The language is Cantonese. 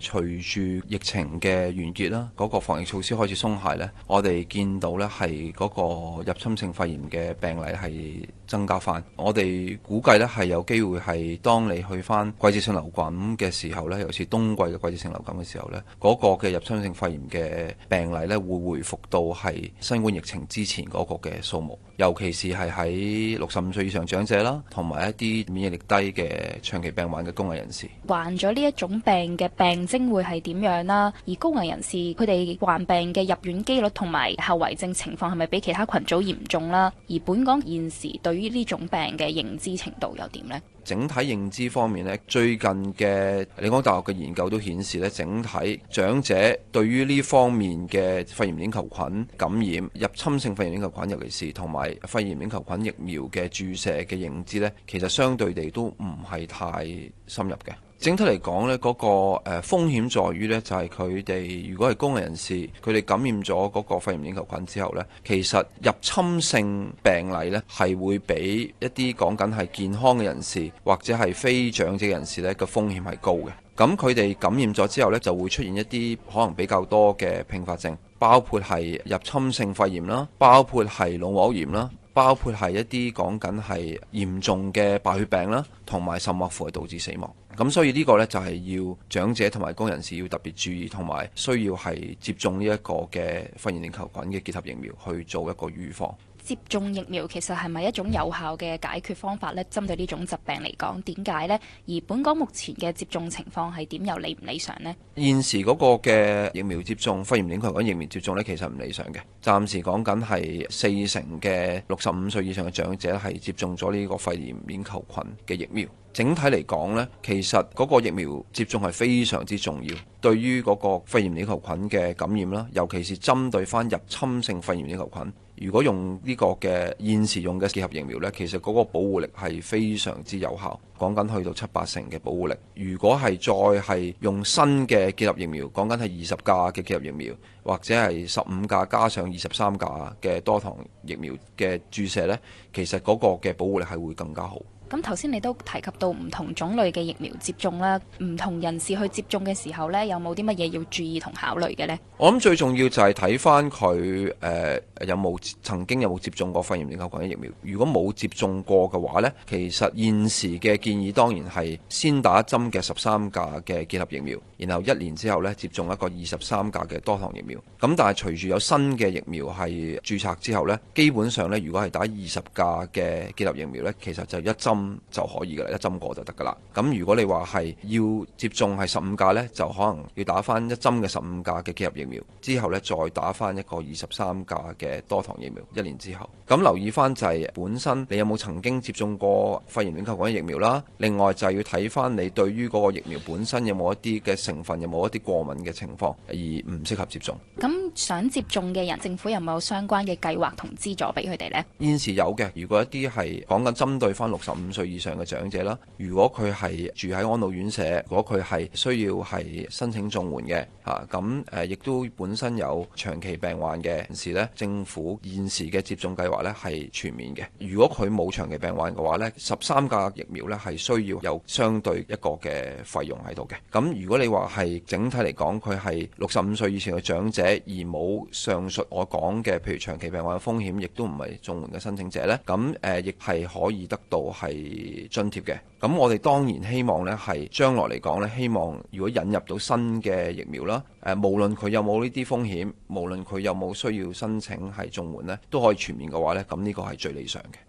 隨住疫情嘅完結啦，嗰個防疫措施開始鬆懈呢，我哋見到呢係嗰個入侵性肺炎嘅病例係增加翻。我哋估計呢係有機會係當你去翻季節性流感嘅時候呢，尤其是冬季嘅季節性流感嘅時候呢，嗰個嘅入侵性肺炎嘅病例呢會回復到係新冠疫情之前嗰個嘅數目，尤其是係喺六十五歲以上長者啦，同埋一啲免疫力低嘅長期病患嘅公衆人士，患咗呢一種病嘅病。徵會係點樣啦？而高危人士佢哋患病嘅入院機率同埋後遺症情況係咪比其他群組嚴重啦？而本港現時對於呢種病嘅認知程度又點呢？整體認知方面呢，最近嘅理工大學嘅研究都顯示咧，整體長者對於呢方面嘅肺炎鏈球菌感染、入侵性肺炎鏈球菌，尤其是同埋肺炎鏈球菌疫苗嘅注射嘅認知呢，其實相對地都唔係太深入嘅。整體嚟講呢，嗰個風險在於呢，就係佢哋如果係工人人士，佢哋感染咗嗰個肺炎鏈球菌之後呢，其實入侵性病例呢係會比一啲講緊係健康嘅人士或者係非長者人士呢個風險係高嘅。咁佢哋感染咗之後呢，就會出現一啲可能比較多嘅併發症，包括係入侵性肺炎啦，包括係腦膜炎啦。包括係一啲講緊係嚴重嘅敗血病啦，同埋甚或乎導致死亡。咁所以呢個呢，就係、是、要長者同埋高人士要特別注意，同埋需要係接種呢一個嘅肺炎鏈球菌嘅結合疫苗去做一個預防。接種疫苗其實係咪一種有效嘅解決方法呢？針對呢種疾病嚟講，點解呢？而本港目前嘅接種情況係點又理唔理想呢？現時嗰個嘅疫苗接種肺炎鏈球菌疫苗接種呢，其實唔理想嘅。暫時講緊係四成嘅六十五歲以上嘅長者係接種咗呢個肺炎鏈球菌嘅疫苗。整體嚟講呢，其實嗰個疫苗接種係非常之重要，對於嗰個肺炎鏈球菌嘅感染啦，尤其是針對翻入侵性肺炎鏈球菌。如果用呢個嘅現時用嘅結合疫苗呢，其實嗰個保護力係非常之有效，講緊去到七八成嘅保護力。如果係再係用新嘅結合疫苗，講緊係二十價嘅結合疫苗，或者係十五價加上二十三價嘅多糖疫苗嘅注射呢，其實嗰個嘅保護力係會更加好。咁頭先你都提及到唔同種類嘅疫苗接種啦，唔同人士去接種嘅時候呢，有冇啲乜嘢要注意同考慮嘅呢？我諗最重要就係睇翻佢誒有冇曾經有冇接種過肺炎鏈球菌疫苗。如果冇接種過嘅話呢，其實現時嘅建議當然係先打一針嘅十三價嘅結合疫苗，然後一年之後呢，接種一個二十三價嘅多糖疫苗。咁但係隨住有新嘅疫苗係註冊之後呢，基本上呢，如果係打二十價嘅結合疫苗呢，其實就一針。就可以噶啦，一針過就得噶啦。咁如果你話係要接種係十五價呢，就可能要打翻一針嘅十五價嘅結合疫苗，之後呢再打翻一個二十三價嘅多糖疫苗。一年之後，咁留意翻就係本身你有冇曾經接種過肺炎鏈球菌疫苗啦。另外就係要睇翻你對於嗰個疫苗本身有冇一啲嘅成分，有冇一啲過敏嘅情況而唔適合接種。咁想接種嘅人，政府有冇相關嘅計劃同資助俾佢哋呢？現時有嘅，如果一啲係講緊針對翻六十五。五歲以上嘅長者啦，如果佢係住喺安老院舍，如果佢係需要係申請綜援嘅，吓，咁誒，亦都本身有長期病患嘅人士呢。政府現時嘅接種計劃呢係全面嘅。如果佢冇長期病患嘅話呢，十三價疫苗呢係需要有相對一個嘅費用喺度嘅。咁如果你話係整體嚟講，佢係六十五歲以前嘅長者，而冇上述我講嘅，譬如長期病患嘅風險，亦都唔係綜援嘅申請者呢，咁誒亦係可以得到係津貼嘅，咁我哋當然希望呢，係將來嚟講呢，希望如果引入到新嘅疫苗啦，誒，無論佢有冇呢啲風險，無論佢有冇需要申請係綜援呢，都可以全面嘅話呢，咁呢個係最理想嘅。